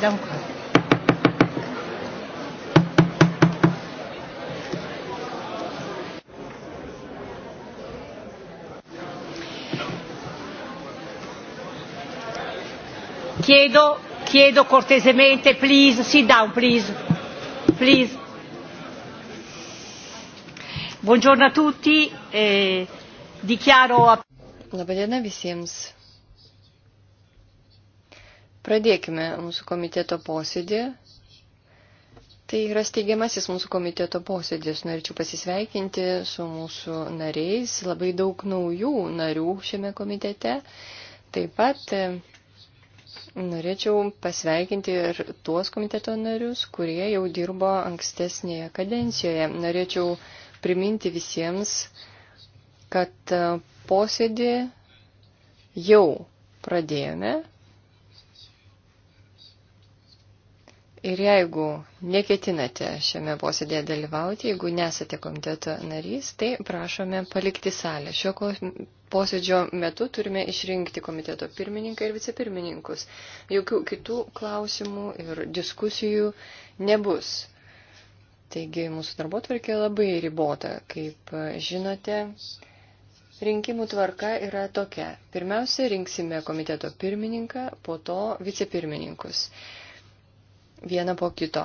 Danke. Chiedo, chiedo cortesemente, please, sit down, please. please. Buongiorno a tutti, eh, dichiaro. Labadiena visiems. Pradėkime mūsų komiteto posėdį. Tai yra steigiamasis mūsų komiteto posėdis. Norėčiau pasisveikinti su mūsų nariais. Labai daug naujų narių šiame komitete. Taip pat e, norėčiau pasveikinti ir tuos komiteto narius, kurie jau dirbo ankstesnėje kadencijoje. Norėčiau priminti visiems, kad e, posėdį jau pradėjome Ir jeigu neketinate šiame posėdėje dalyvauti, jeigu nesate komiteto narys, tai prašome palikti salę. Šio posėdžio metu turime išrinkti komiteto pirmininką ir vicepirmininkus. Jokių kitų klausimų ir diskusijų nebus. Taigi mūsų darbotvarkė labai ribota. Kaip e, žinote, rinkimų tvarka yra tokia. Pirmiausia, rinksime komiteto pirmininką, po to vicepirmininkus vieną po kito.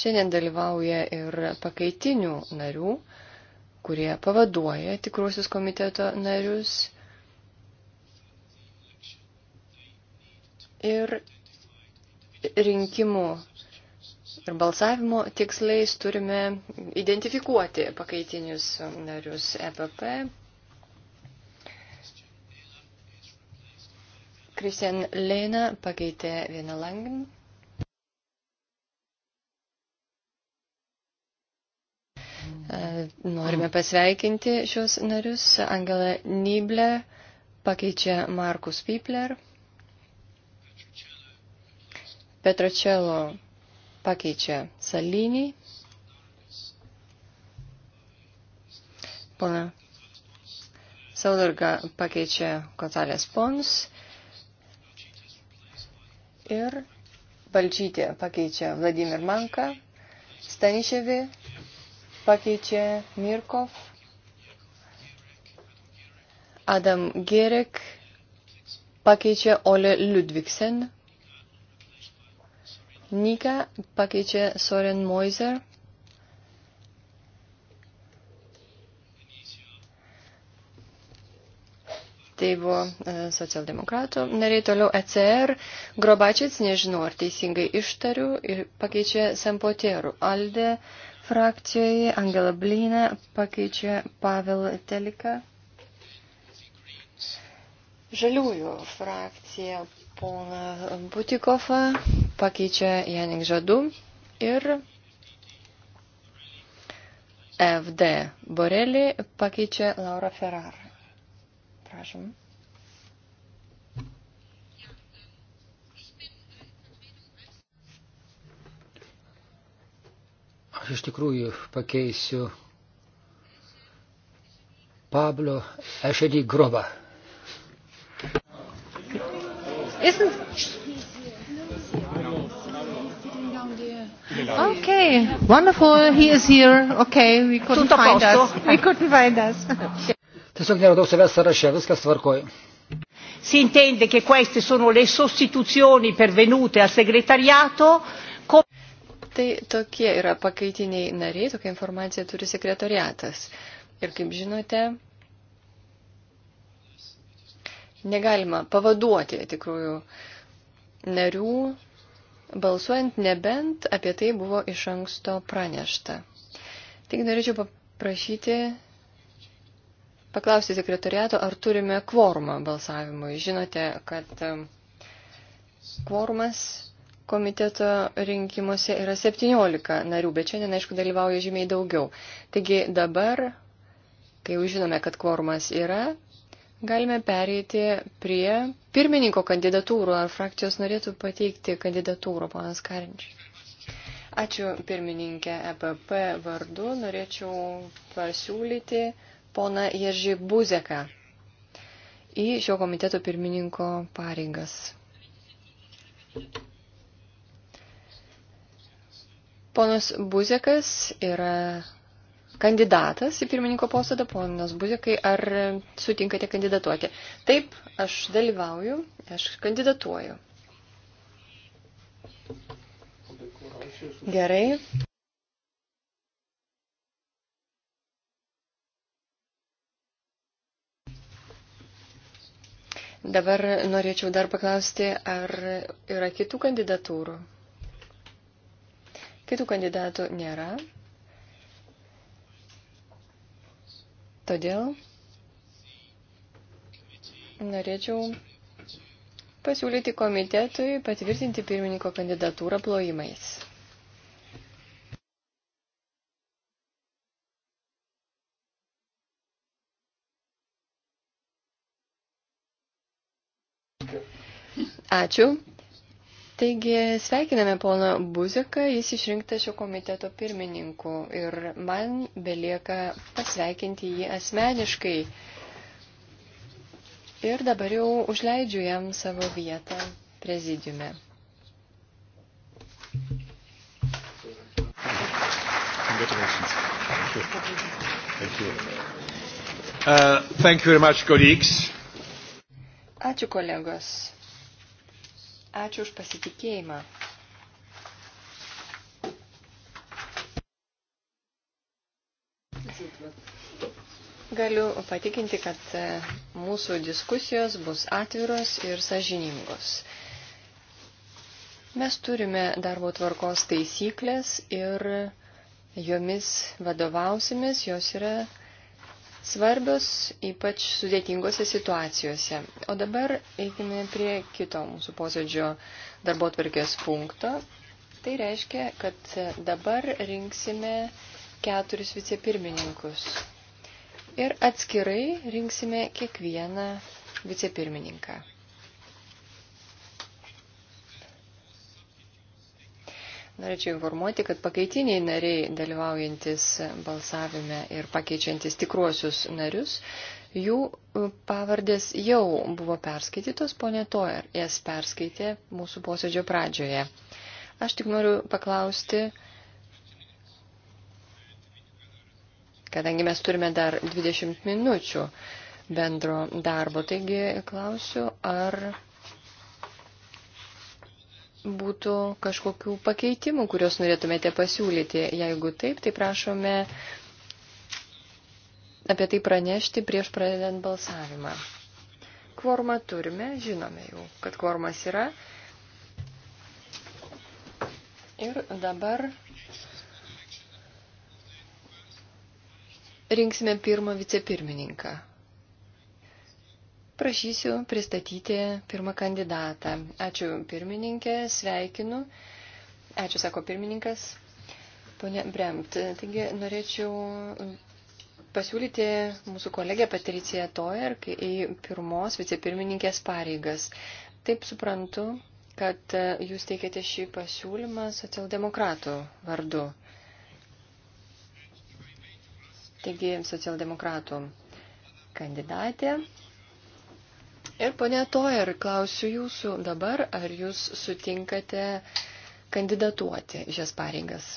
Šiandien dalyvauja ir pakaitinių narių, kurie pavaduoja tikruosius komiteto narius. Ir rinkimų ir balsavimo tikslais turime identifikuoti pakaitinius narius EPP, Kristian Leina pakeitė vieną langin. E, norime pasveikinti šios narius. Angela Nyblė pakeičia Markus Pipler. Petročelo pakeičia Salinį. Pona Saudarga pakeičia Kotalės Pons ir Balčytė pakeičia Vladimir Manka, Staniševi pakeičia Mirkov, Adam Gerek pakeičia Ole Ludvigsen, Nika pakeičia Soren Moiser, Tai buvo e, socialdemokratų nariai, toliau ECR, Grobačiats, nežinau, ar teisingai ištariu, ir pakeičia Sempotierų. Alde frakcijoje Angela Blina pakeičia Pavel Telika. Žaliųjų frakcija pona Butikofą pakeičia Janik Žadu ir FD Borelį pakeičia Laura Ferrara. Prašom. Aš iš tikrųjų pakeisiu Pablo Ešerį Grobą. Isn't... Okay, wonderful. He is here. Okay, we couldn't find us. We couldn't find us. Tiesiog neradau savęs sąraše, viskas tvarkoju. Si intende che queste sono le sostituzioni pervenute al segretariato. Ko... Tai tokie yra pakaitiniai nariai, tokia informacija turi sekretariatas. Ir kaip žinote, negalima pavaduoti tikrųjų narių, balsuojant nebent apie tai buvo iš anksto pranešta. Tik norėčiau paprašyti paklausti sekretariato, ar turime kvorumą balsavimui. Žinote, kad e, kvorumas komiteto rinkimuose yra 17 narių, bet šiandien, aišku, dalyvauja žymiai daugiau. Taigi dabar, kai jau žinome, kad kvorumas yra, galime pereiti prie pirmininko kandidatūrų. Ar frakcijos norėtų pateikti kandidatūrų, ponas Karinčiai? Ačiū pirmininkė EPP vardu. Norėčiau pasiūlyti pona Jeržį Buzeką į šio komiteto pirmininko pareigas. Ponas Buzekas yra kandidatas į pirmininko posėdą. Ponas Buzekai, ar sutinkate kandidatuoti? Taip, aš dalyvauju, aš kandidatuoju. Gerai. Dabar norėčiau dar paklausti, ar yra kitų kandidatūrų. Kitų kandidatų nėra. Todėl norėčiau pasiūlyti komitetui patvirtinti pirmininko kandidatūrą plojimais. Ačiū. Taigi sveikiname poną Buziką, jis išrinktas šio komiteto pirmininku ir man belieka pasveikinti jį asmeniškai. Ir dabar jau užleidžiu jam savo vietą prezidiume. Congratulations. Thank you. Thank you. Uh, thank you very much, colleagues. Ačiū kolegos. Ačiū už pasitikėjimą. Galiu patikinti, kad e, mūsų diskusijos bus atviros ir sažiningos. Mes turime darbo tvarkos taisyklės ir jomis vadovausimės, jos yra svarbios, ypač sudėtingose situacijose. O dabar eikime prie kito mūsų posėdžio darbo tvarkės punkto. Tai reiškia, kad dabar rinksime keturis vicepirmininkus. Ir atskirai rinksime kiekvieną vicepirmininką. Norėčiau informuoti, kad pakaitiniai nariai dalyvaujantis balsavime ir pakeičiantis tikruosius narius, jų e, pavardės jau buvo perskaitytos, ponė Toer jas perskaitė mūsų posėdžio pradžioje. Aš tik noriu paklausti, kadangi mes turime dar 20 minučių bendro darbo, taigi klausiu, ar būtų kažkokių pakeitimų, kuriuos norėtumėte pasiūlyti. Jeigu taip, tai prašome apie tai pranešti prieš pradedant balsavimą. Kvormą turime, žinome jau, kad kvormas yra. Ir dabar rinksime pirmą vicepirmininką prašysiu pristatyti pirmą kandidatą. Ačiū pirmininkė, sveikinu. Ačiū, sako pirmininkas. Pone Bremt, taigi norėčiau pasiūlyti mūsų kolegę Patriciją Toer į pirmos vicepirmininkės pareigas. Taip suprantu, kad jūs teikiate šį pasiūlymą socialdemokratų vardu. Taigi, socialdemokratų kandidatė Ir ponė Toer, klausiu jūsų dabar, ar jūs sutinkate kandidatuoti šias pareigas.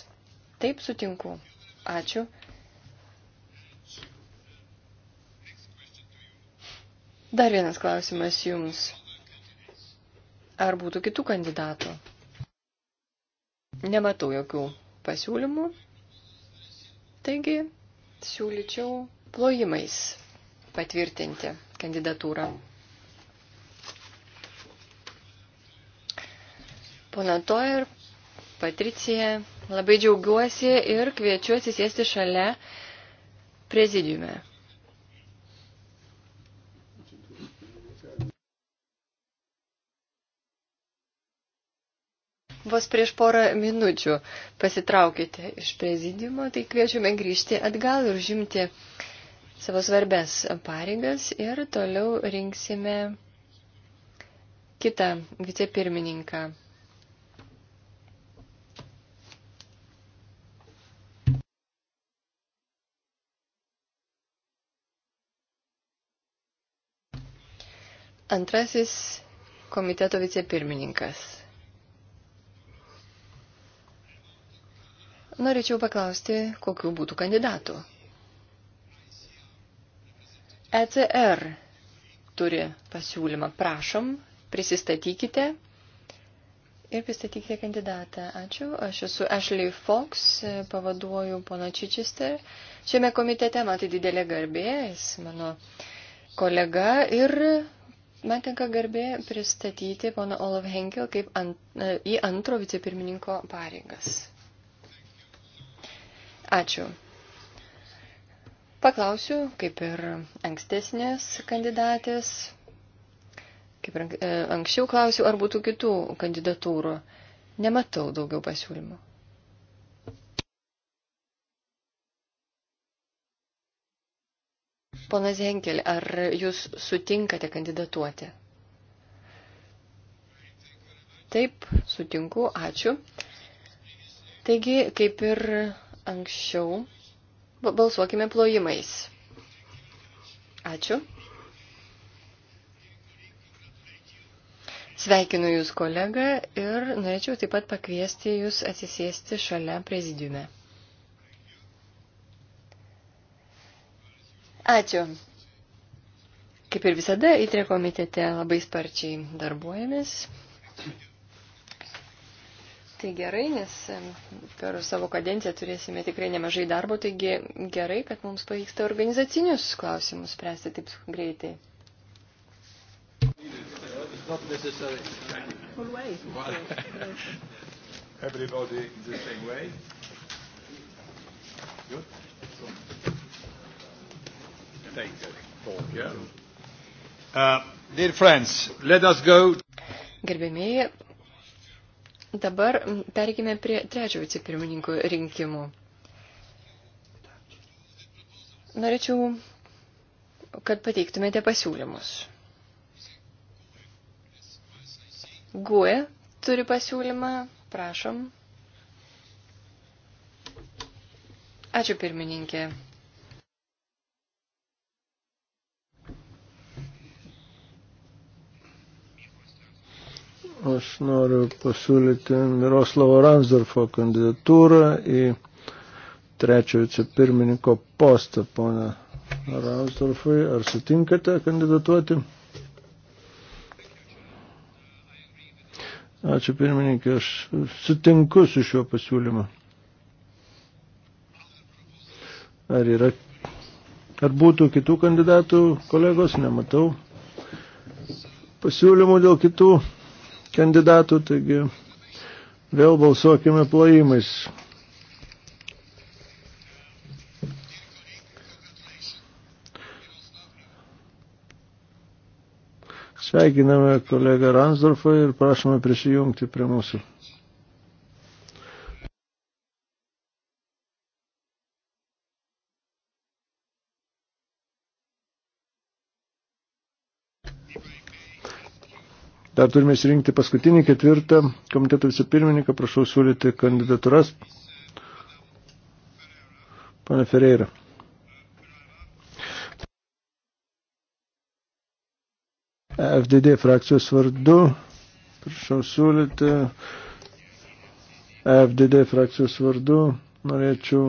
Taip sutinku. Ačiū. Dar vienas klausimas jums. Ar būtų kitų kandidatų? Nematau jokių pasiūlymų. Taigi, siūlyčiau plojimais patvirtinti kandidatūrą. Pona Toer, Patricija, labai džiaugiuosi ir kviečiu atsisėsti šalia prezidiume. Vos prieš porą minučių pasitraukite iš prezidiumo, tai kviečiame grįžti atgal ir žimti savo svarbės pareigas ir toliau rinksime kitą vicepirmininką. Antrasis komiteto vicepirmininkas. Norėčiau paklausti, kokiu būtų kandidatų. ECR turi pasiūlymą. Prašom, prisistatykite ir pristatykite kandidatą. Ačiū. Aš esu Ashley Fox, pavaduoju pono Čičister. Šiame komitete matai didelė garbė, jis mano kolega ir Man tenka garbė pristatyti pono Olav Henkel kaip ant, e, į antro vicepirmininko pareigas. Ačiū. Paklausiu, kaip ir ankstesnės kandidatės, kaip ir e, anksčiau klausiu, ar būtų kitų kandidatūrų. Nematau daugiau pasiūlymų. Ponas Henkel, ar jūs sutinkate kandidatuoti? Taip, sutinku, ačiū. Taigi, kaip ir anksčiau, balsuokime plojimais. Ačiū. Sveikinu Jūs kolegą ir norėčiau taip pat pakviesti Jūs atsisėsti šalia prezidiume. Ačiū. Kaip ir visada, įtrė komitete labai sparčiai darbuojamės. Tai gerai, nes per savo kadenciją turėsime tikrai nemažai darbo, taigi gerai, kad mums pavyksta organizacinius klausimus spręsti taip greitai. Everybody the same way. Good. Gerbėmėjai, dabar perkime prie trečiojo vicepirmininkų rinkimų. Norėčiau, kad pateiktumėte pasiūlymus. GUE turi pasiūlymą, prašom. Ačiū pirmininkė. Aš noriu pasiūlyti Miroslavo Ransdorfo kandidatūrą į trečiojo vicepirmininko postą, ponė Ransdorfui. Ar sutinkate kandidatuoti? Ačiū pirmininkė, aš sutinku su šiuo pasiūlymu. Ar yra, ar būtų kitų kandidatų, kolegos, nematau. Pasiūlymų dėl kitų kandidatų, taigi vėl balsuokime plojimais. Sveikiname kolegą Ransdorfą ir prašome prisijungti prie mūsų. Dar turime išrinkti paskutinį ketvirtą komiteto vicepirmininką. Prašau siūlyti kandidatūras. Pane Ferreira. FDD frakcijos vardu. Prašau siūlyti. FDD frakcijos vardu norėčiau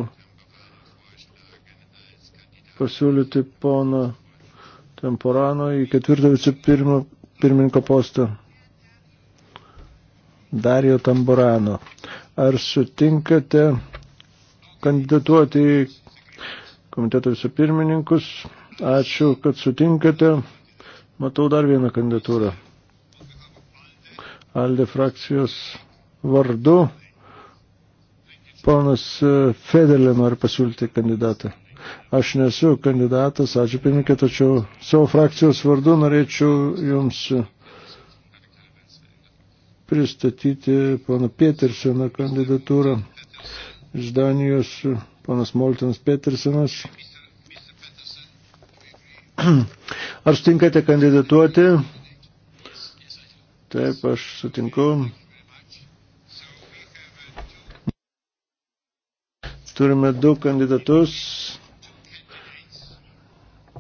pasiūlyti poną Temporano į ketvirtą vicepirmininko postą. Dario Tamburano. Ar sutinkate kandidatuoti į komiteto vicepirmininkus? Ačiū, kad sutinkate. Matau dar vieną kandidatūrą. Alde frakcijos vardu. Ponas Federlė nori pasiūlyti kandidatą. Aš nesu kandidatas, ačiū pirmininkė, tačiau savo frakcijos vardu norėčiau jums pristatyti pono Petersono kandidatūrą iš Danijos, ponas Moltinas Petersonas. Ar sutinkate kandidatuoti? Taip, aš sutinku. Turime du kandidatus,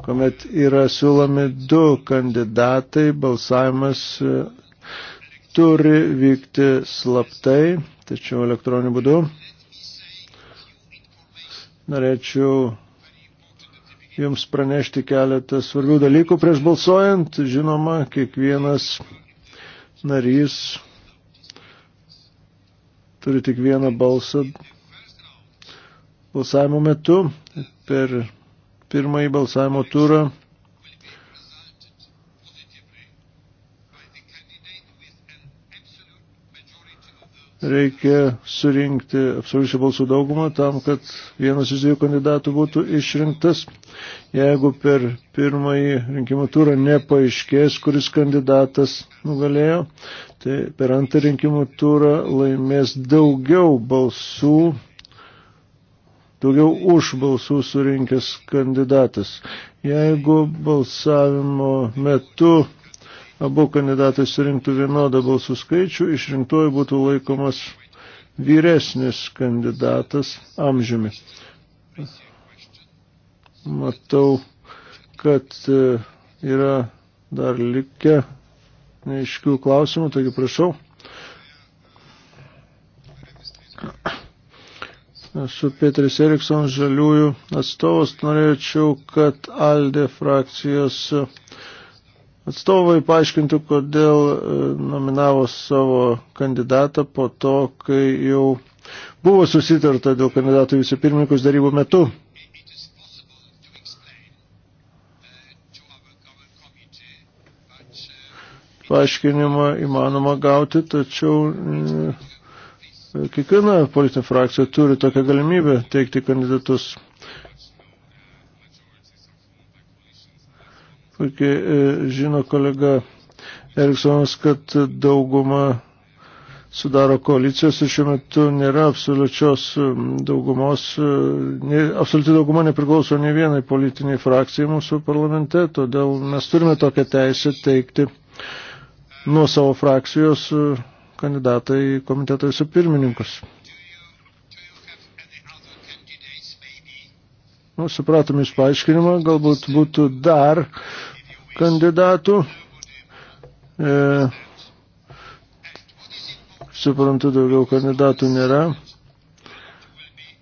kuomet yra siūlomi du kandidatai, balsavimas turi vykti slaptai, tačiau elektroniniu būdu. Norėčiau Jums pranešti keletą svarbių dalykų prieš balsuojant. Žinoma, kiekvienas narys turi tik vieną balsą balsavimo metu per pirmąjį balsavimo turą reikia surinkti absoliučią balsų daugumą tam, kad vienas iš dviejų kandidatų būtų išrinktas. Jeigu per pirmąjį rinkimų turą nepaaiškės, kuris kandidatas nugalėjo, tai per antrą rinkimų turą laimės daugiau balsų, daugiau už balsų surinkęs kandidatas. Jeigu balsavimo metu abu kandidatai surinktų vienodą balsų skaičių, išrinktuoju būtų laikomas vyresnis kandidatas amžiumi. Matau, kad e, yra dar likę neiškių klausimų, taigi prašau. Esu Petris Erikson, žaliųjų atstovas. Norėčiau, kad Aldė frakcijos atstovai paaiškintų, kodėl e, nominavo savo kandidatą po to, kai jau buvo susitarta dėl kandidatų vicepirmininkus darybų metu. Paaiškinimą įmanoma gauti, tačiau e, kiekviena politinė frakcija turi tokią galimybę teikti kandidatus. Puikiai e, žino kolega Eriksonas, kad dauguma sudaro koalicijos ir šiuo metu nėra absoliučios e, daugumos, e, ne, absoliuti dauguma nepriklauso ne vienai politiniai frakcijai mūsų parlamente, todėl mes turime tokią teisę teikti nuo savo frakcijos kandidatą į komiteto vicepirmininkus. Nu, supratom iš paaiškinimą, galbūt būtų dar kandidatų. E, suprantu, daugiau kandidatų nėra.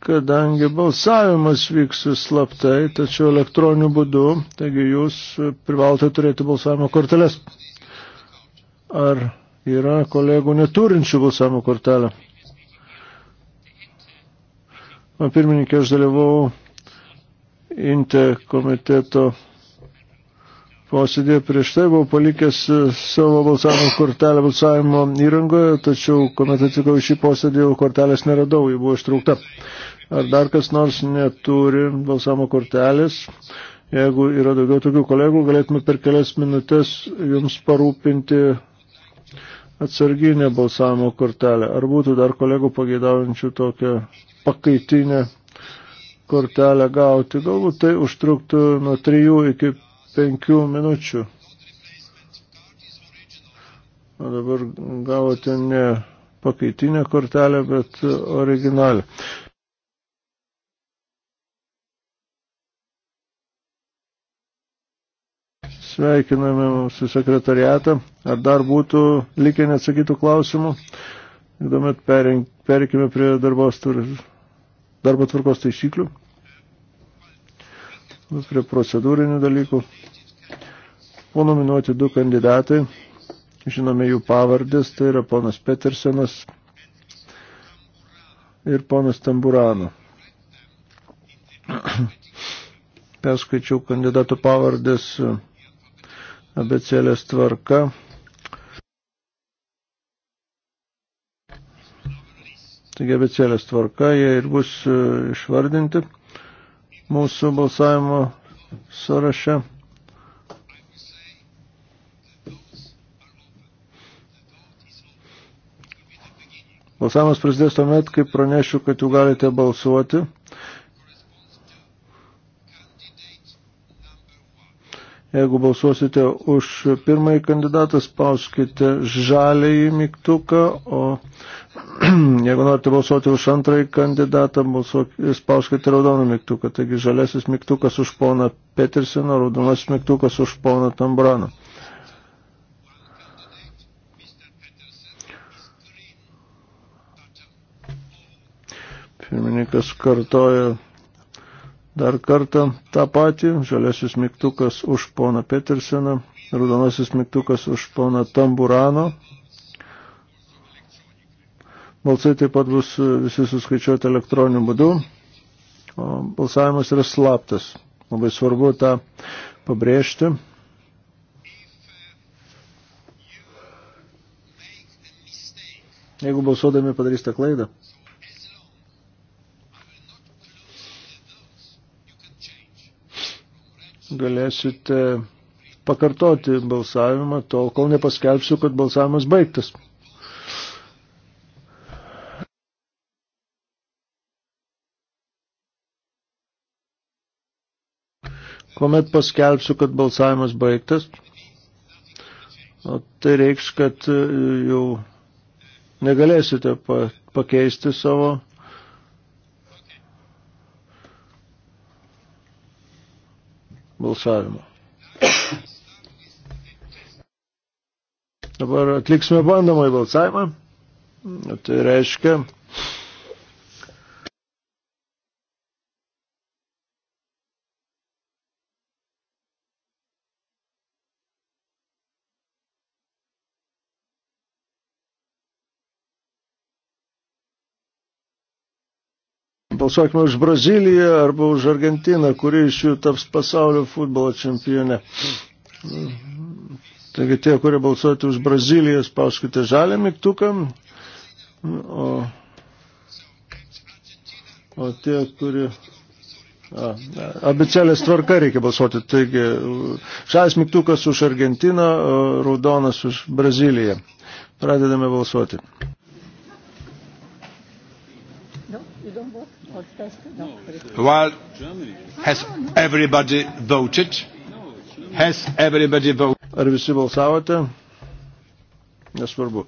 Kadangi balsavimas vyks slaptai, tačiau elektroniniu būdu, taigi jūs privalote turėti balsavimo korteles. Ar yra kolegų neturinčių balsavimo kortelę? Man pirmininkė, aš dalyvau Inte komiteto posėdėje prieš tai buvau palikęs e, savo balsavimo kortelę balsavimo įrangoje, tačiau kuomet atvykau į šį posėdį, jau kortelės neradau, ji buvo ištraukta. Ar dar kas nors neturi balsavimo kortelės? Jeigu yra daugiau tokių kolegų, galėtume per kelias minutės jums parūpinti atsarginę balsavimo kortelę. Ar būtų dar kolegų pageidaujančių tokią pakaitinę kortelę gauti? Galbūt tai užtruktų nuo 3 iki penkių minučių. O dabar gavote ne pakaitinę kortelę, bet originalią. Sveikiname mūsų sekretariatą. Ar dar būtų likę neatsakytų klausimų? Įdomet perikime prie darbo tvarkos taisyklių prie procedūrinių dalykų. Buvo nominuoti du kandidatai, žinome jų pavardės, tai yra ponas Petersenas ir ponas Tamburano. Perskaičiau kandidatų pavardės abecelės tvarka. Taigi abecelės tvarka, jie ir bus e, išvardinti mūsų balsavimo sąraše. Balsavimas prasidės tuomet, kai pranešiu, kad jau galite balsuoti. Jeigu balsuosite už pirmąjį kandidatą, spauskite žaliai mygtuką, o jeigu norite balsuoti už antrąjį kandidatą, balsuok, spauskite raudoną mygtuką. Taigi žaliasis mygtukas už poną Petersiną, raudonas mygtukas už poną Tambraną. Pirmininkas kartoja Dar kartą tą patį, žaliasis mygtukas už poną Peterseną, raudonasis mygtukas už poną Tamburano. Balsai taip pat bus visi suskaičiuoti elektroniniu būdu, o balsavimas yra slaptas. Labai svarbu tą pabrėžti. Jeigu balsuodami padarysite klaidą. galėsite pakartoti balsavimą tol, kol nepaskelbsiu, kad balsavimas baigtas. Kuomet paskelbsiu, kad balsavimas baigtas, o tai reikš, kad e, jau negalėsite pakeisti savo balsavimo. Dabar atliksime bandomą į balsavimą. Tai reiškia, balsuokime už Braziliją arba už Argentiną, kuri iš jų taps pasaulio futbolo čempionė. Taigi tie, kurie balsuoti už Braziliją, spauskite žalią mygtuką, o, o tie, kurie... A, abicelės tvarka reikia balsuoti, taigi žalias mygtukas už Argentiną, raudonas už Braziliją. Pradedame balsuoti. No, you don't vote. Well, has everybody voted? Has everybody voted? Ar visi balsavote? Nesvarbu.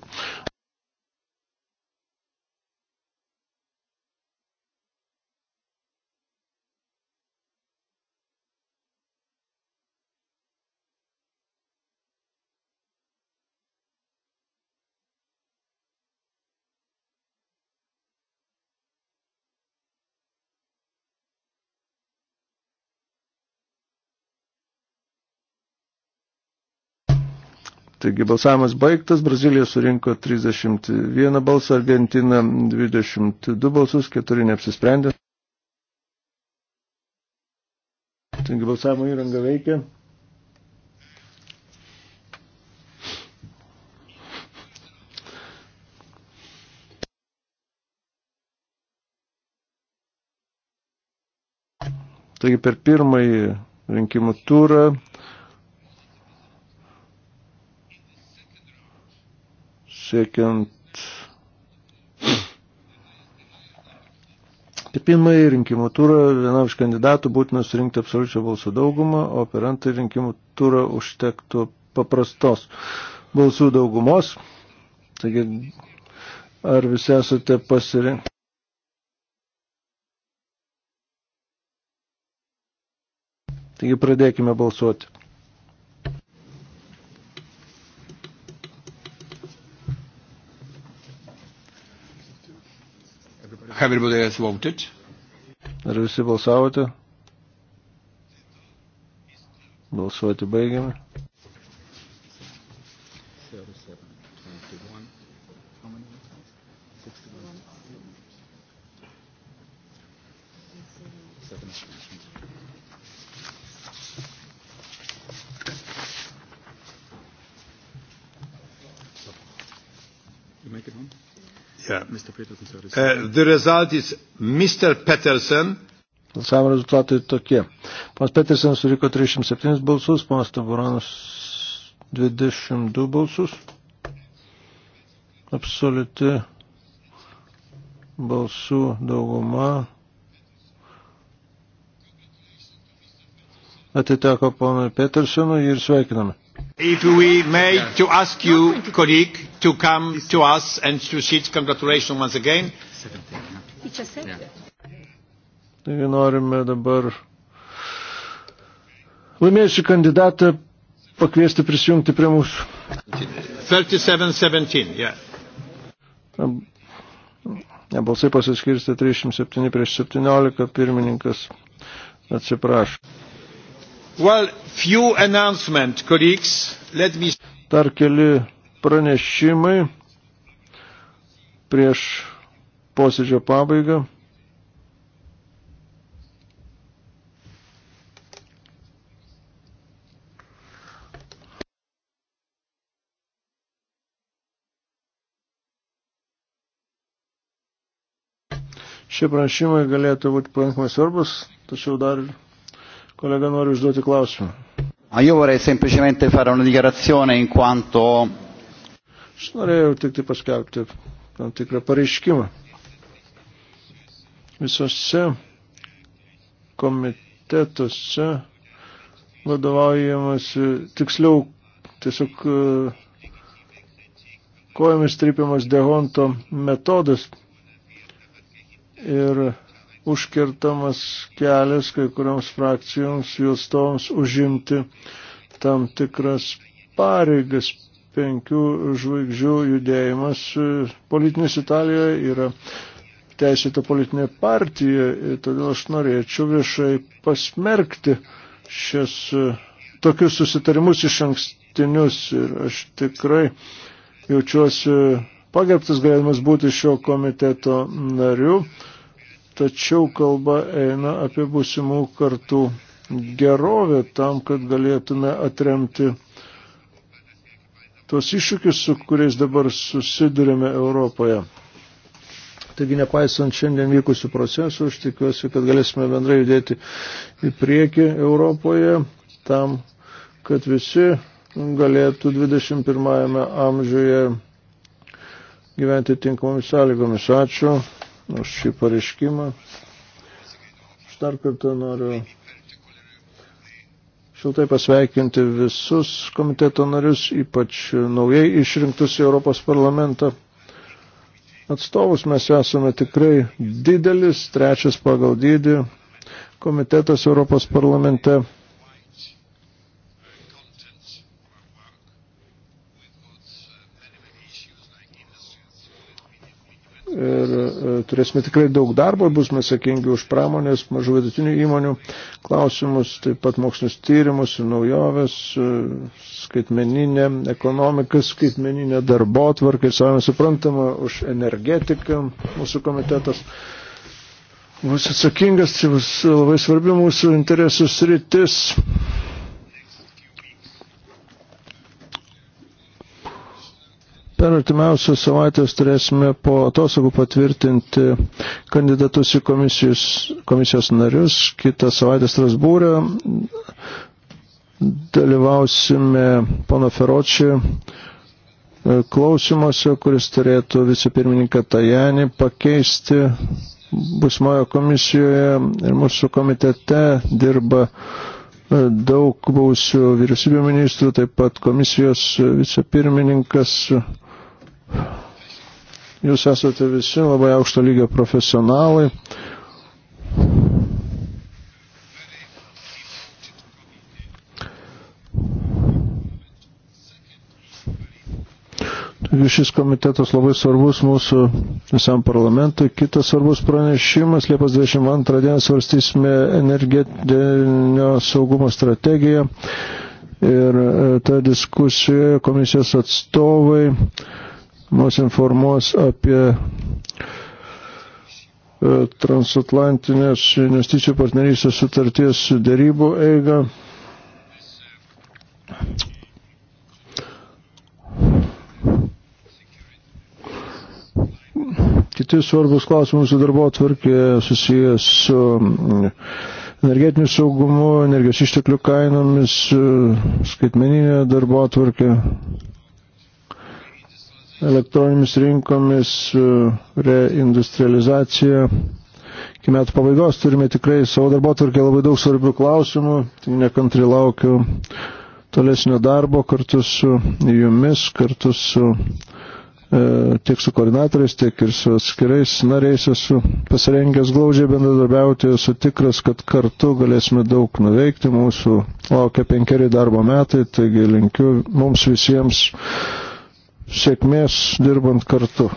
Taigi balsavimas baigtas, Brazilija surinko 31 balsą, Argentina 22 balsus, 4 neapsisprendė. Taigi balsavimo įranga veikia. Taigi per pirmąjį rinkimų turą siekiant per pirmąjį rinkimų turą vienam iš kandidatų būtina surinkti absoliučią balsų daugumą, o per antrąjį rinkimų turą užtektų paprastos balsų daugumos. Taigi, ar visi esate pasirinkę? Taigi pradėkime balsuoti. Have everybody has voted? Ar visi balsavote? Balsuoti baigiame. Uh, the result is Mr. Peterson. Balsavimo rezultatai tokie. Ponas Petersen suriko 307 balsus, ponas Taburonas 22 balsus. Absoliuti balsų dauguma atiteko ponui Petersenui ir sveikiname. If we may to ask you, colleague, to come to us and to sit, congratulations once again. Taigi norime dabar laimėjusi kandidatą pakviesti prisijungti prie mūsų. 37-17, yeah. Balsai pasiskirsti 307 prieš 17, pirmininkas atsiprašo. Well, few announcements, colleagues. Let me... Dar keli pranešimai prieš posėdžio pabaigą. Šie pranešimai galėtų būti pakankamai svarbus, tačiau dar Kolega nori užduoti klausimą. A io vorrei semplicemente fare una dichiarazione in quanto. Aš norėjau tik tai paskelbti tam tikrą pareiškimą. Visose komitetuose vadovaujamas, tiksliau, tiesiog kojomis trypiamas Dehonto metodas. Ir užkirtamas kelias kai kurioms frakcijoms, jų atstovams užimti tam tikras pareigas. Penkių žvaigždžių judėjimas e, politinės Italijoje yra teisėta politinė partija, e, todėl aš norėčiau viešai pasmerkti šias e, tokius susitarimus iš ankstinius ir aš tikrai jaučiuosi pagerbtas galėdamas būti šio komiteto nariu tačiau kalba eina apie būsimų kartų gerovę tam, kad galėtume atremti tos iššūkius, su kuriais dabar susidurime Europoje. Taigi, nepaisant šiandien vykusių procesų, aš tikiuosi, kad galėsime bendrai judėti į priekį Europoje tam, kad visi galėtų 21 amžiuje gyventi tinkamomis sąlygomis. Ačiū už šį pareiškimą. Aš dar kartą noriu šiltai pasveikinti visus komiteto narius, ypač naujai išrinktus į Europos parlamentą atstovus. Mes esame tikrai didelis, trečias pagal dydį komitetas Europos parlamente. ir e, turėsime tikrai daug darbo, būsime sakingi už pramonės, mažų vidutinių įmonių klausimus, taip pat mokslinius tyrimus ir naujoves, skaitmeninė ekonomika, skaitmeninė darbo tvarka ir savame suprantama už energetiką mūsų komitetas. Bus atsakingas, čia bus labai svarbi mūsų interesų sritis. Per artimiausias savaitės turėsime po atostogų patvirtinti kandidatus į komisijos, komisijos narius. Kitą savaitę Strasbūrę dalyvausime pono Feročiui e, klausimuose, kuris turėtų vicepirmininką Tajanį pakeisti busmojo komisijoje ir mūsų komitete dirba e, daug buvusių vyriausybių ministrų, taip pat komisijos vicepirmininkas Jūs esate visi labai aukšto lygio profesionalai. Taigi šis komitetas labai svarbus mūsų visam parlamentui. Kitas svarbus pranešimas, Liepos 22 dieną svarstysime energetinio saugumo strategiją. Ir e, ta diskusija komisijos atstovai mus informuos apie e, transatlantinės investicijų partnerystės sutarties dėrybų eigą. Kiti svarbus klausimai mūsų darbo atvarkė susijęs su mm, energetiniu saugumu, energijos išteklių kainomis, e, skaitmeninė darbo atvarkė elektroninėmis rinkomis, e, reindustrializacija. Iki metų pabaigos turime tikrai savo darbo tvarkę labai daug svarbių klausimų, tai nekantri laukiu tolesnio darbo kartu su jumis, kartu su e, tiek su koordinatoriais, tiek ir su atskirais nariais esu pasirengęs glaudžiai bendradarbiauti, esu tikras, kad kartu galėsime daug nuveikti, mūsų laukia penkeri darbo metai, taigi linkiu mums visiems sėkmės dirbant kartu.